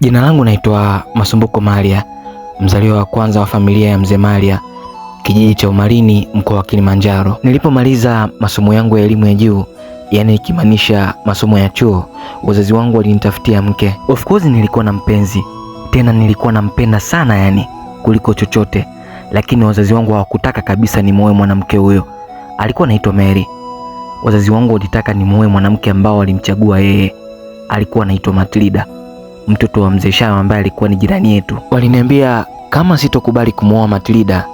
Jina langu naitwa Masumbuko maria mzaliwa wa kwanza wa familia ya Mzee maria kijiji cha Umalini, mkoa wa Kilimanjaro. Nilipomaliza masomo yangu ya elimu ya juu, yaani ikimaanisha masomo ya chuo, wazazi wangu walinitafutia mke. Of course nilikuwa na mpenzi, tena nilikuwa nampenda sana, yani kuliko chochote, lakini wazazi wangu hawakutaka kabisa nimuoe mwanamke huyo. Alikuwa anaitwa Mary. Wazazi wangu walitaka nimuoe mwanamke ambao walimchagua yeye, alikuwa anaitwa Matilda mtoto wa mzee shao ambaye alikuwa ni jirani yetu. Waliniambia kama sitokubali kumwoa Matilda,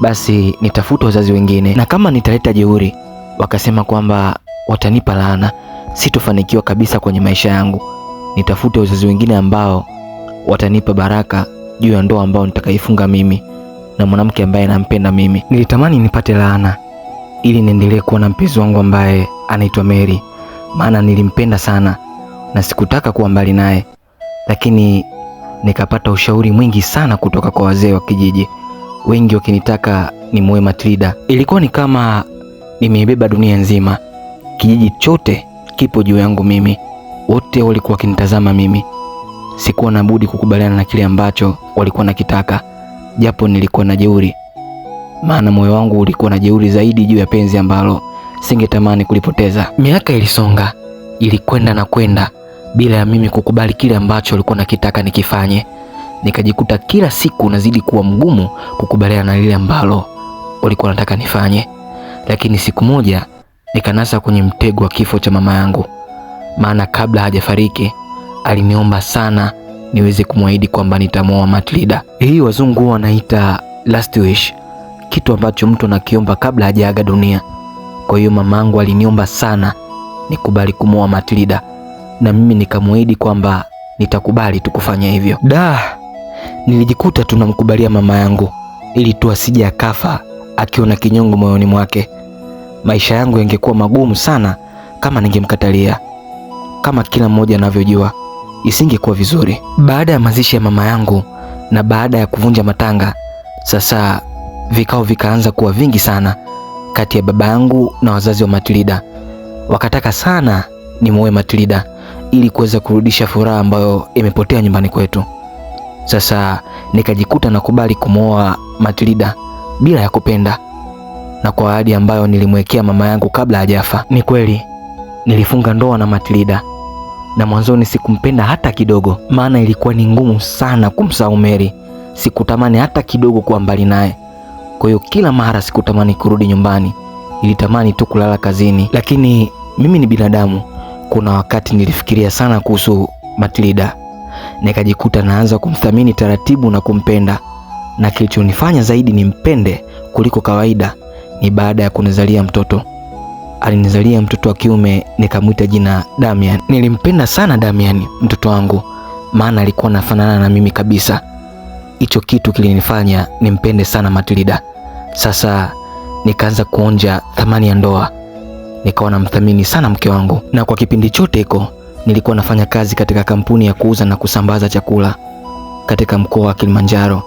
basi nitafuta wazazi wengine, na kama nitaleta jeuri, wakasema kwamba watanipa laana, sitofanikiwa kabisa kwenye maisha yangu, nitafuta wazazi wengine ambao watanipa baraka juu ya ndoa ambao nitakaifunga mimi na mwanamke ambaye nampenda mimi. Nilitamani nipate laana ili niendelee kuwa na mpenzi wangu ambaye anaitwa Mary, maana nilimpenda sana na sikutaka kuwa mbali naye lakini nikapata ushauri mwingi sana kutoka kwa wazee wa kijiji, wengi wakinitaka ni muwe Matilda. Ilikuwa ni kama nimeibeba dunia nzima, kijiji chote kipo juu yangu mimi, wote walikuwa wakinitazama mimi. Sikuwa na budi kukubaliana na kile ambacho walikuwa nakitaka, japo nilikuwa na jeuri, maana moyo wangu ulikuwa na jeuri zaidi juu ya penzi ambalo singetamani kulipoteza. Miaka ilisonga, ilikwenda na kwenda bila ya mimi kukubali kile ambacho alikuwa nakitaka nikifanye. Nikajikuta kila siku nazidi kuwa mgumu kukubaliana na lile ambalo ulikuwa anataka nifanye. Lakini siku moja nikanasa kwenye mtego wa kifo cha mama yangu, maana kabla hajafariki aliniomba sana niweze kumwahidi kwamba nitamwoa Matilda. Hii wazungu wanaita last wish, kitu ambacho mtu anakiomba kabla hajaaga dunia. Kwa hiyo mamangu aliniomba sana nikubali kumwoa Matilda na mimi nikamuahidi kwamba nitakubali tu kufanya hivyo. Da, nilijikuta tunamkubalia mama yangu ili tu asije akafa akiwa na kinyongo moyoni mwake. Maisha yangu yangekuwa magumu sana kama ningemkatalia. Kama kila mmoja anavyojua, isingekuwa vizuri. Baada ya mazishi ya mama yangu na baada ya kuvunja matanga, sasa vikao vikaanza kuwa vingi sana kati ya baba yangu na wazazi wa Matilda. Wakataka sana nimuoe Matilda ili kuweza kurudisha furaha ambayo imepotea nyumbani kwetu. Sasa nikajikuta nakubali kumwoa Matilda bila ya kupenda na kwa ahadi ambayo nilimwekea mama yangu kabla hajafa. Ni kweli nilifunga ndoa na Matilda, na mwanzoni sikumpenda hata kidogo, maana ilikuwa ni ngumu sana kumsahau Mary. Sikutamani hata kidogo kuwa mbali naye, kwa hiyo kila mara sikutamani kurudi nyumbani, nilitamani tu kulala kazini, lakini mimi ni binadamu kuna wakati nilifikiria sana kuhusu Matilda, nikajikuta naanza kumthamini taratibu na kumpenda, na kilichonifanya zaidi nimpende kuliko kawaida ni baada ya kunizalia mtoto. Alinizalia mtoto wa kiume, nikamwita jina Damian. Nilimpenda sana Damian, mtoto wangu, maana alikuwa anafanana na mimi kabisa. Hicho kitu kilinifanya nimpende sana Matilda. Sasa nikaanza kuonja thamani ya ndoa nikawa namthamini sana mke wangu, na kwa kipindi chote hiko nilikuwa nafanya kazi katika kampuni ya kuuza na kusambaza chakula katika mkoa wa Kilimanjaro,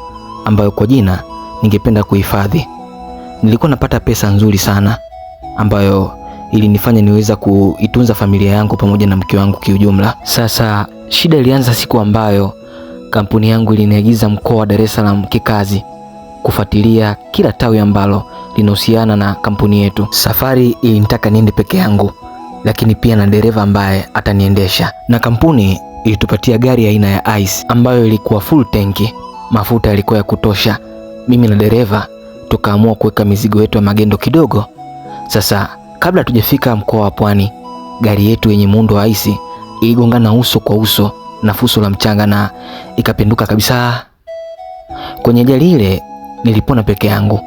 ambayo kwa jina ningependa kuhifadhi. Nilikuwa napata pesa nzuri sana ambayo ilinifanya niweza kuitunza familia yangu pamoja na mke wangu kiujumla. Sasa shida ilianza siku ambayo kampuni yangu iliniagiza mkoa wa Dar es Salaam kikazi kufuatilia kila tawi ambalo linahusiana na kampuni yetu. Safari ilinitaka niende peke yangu, lakini pia na dereva ambaye ataniendesha, na kampuni ilitupatia gari aina ya, ya Ice ambayo ilikuwa full tanki, mafuta yalikuwa ya kutosha. Mimi na dereva tukaamua kuweka mizigo yetu ya magendo kidogo. Sasa kabla tujafika mkoa wa Pwani, gari yetu yenye muundo wa Ice iligongana uso kwa uso na fuso la mchanga na ikapinduka kabisa. Kwenye ajali ile nilipona peke yangu.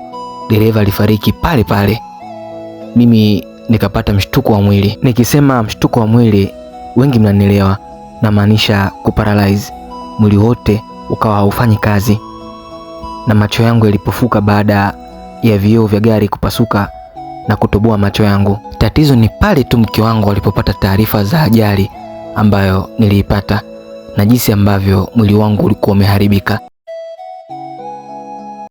Dereva alifariki pale pale, mimi nikapata mshtuko wa mwili. Nikisema mshtuko wa mwili, wengi mnanielewa, namaanisha kuparalyze. Mwili wote ukawa haufanyi kazi, na macho yangu yalipofuka baada ya vioo vya gari kupasuka na kutoboa macho yangu. Tatizo ni pale tu mke wangu alipopata taarifa za ajali ambayo niliipata na jinsi ambavyo mwili wangu ulikuwa umeharibika.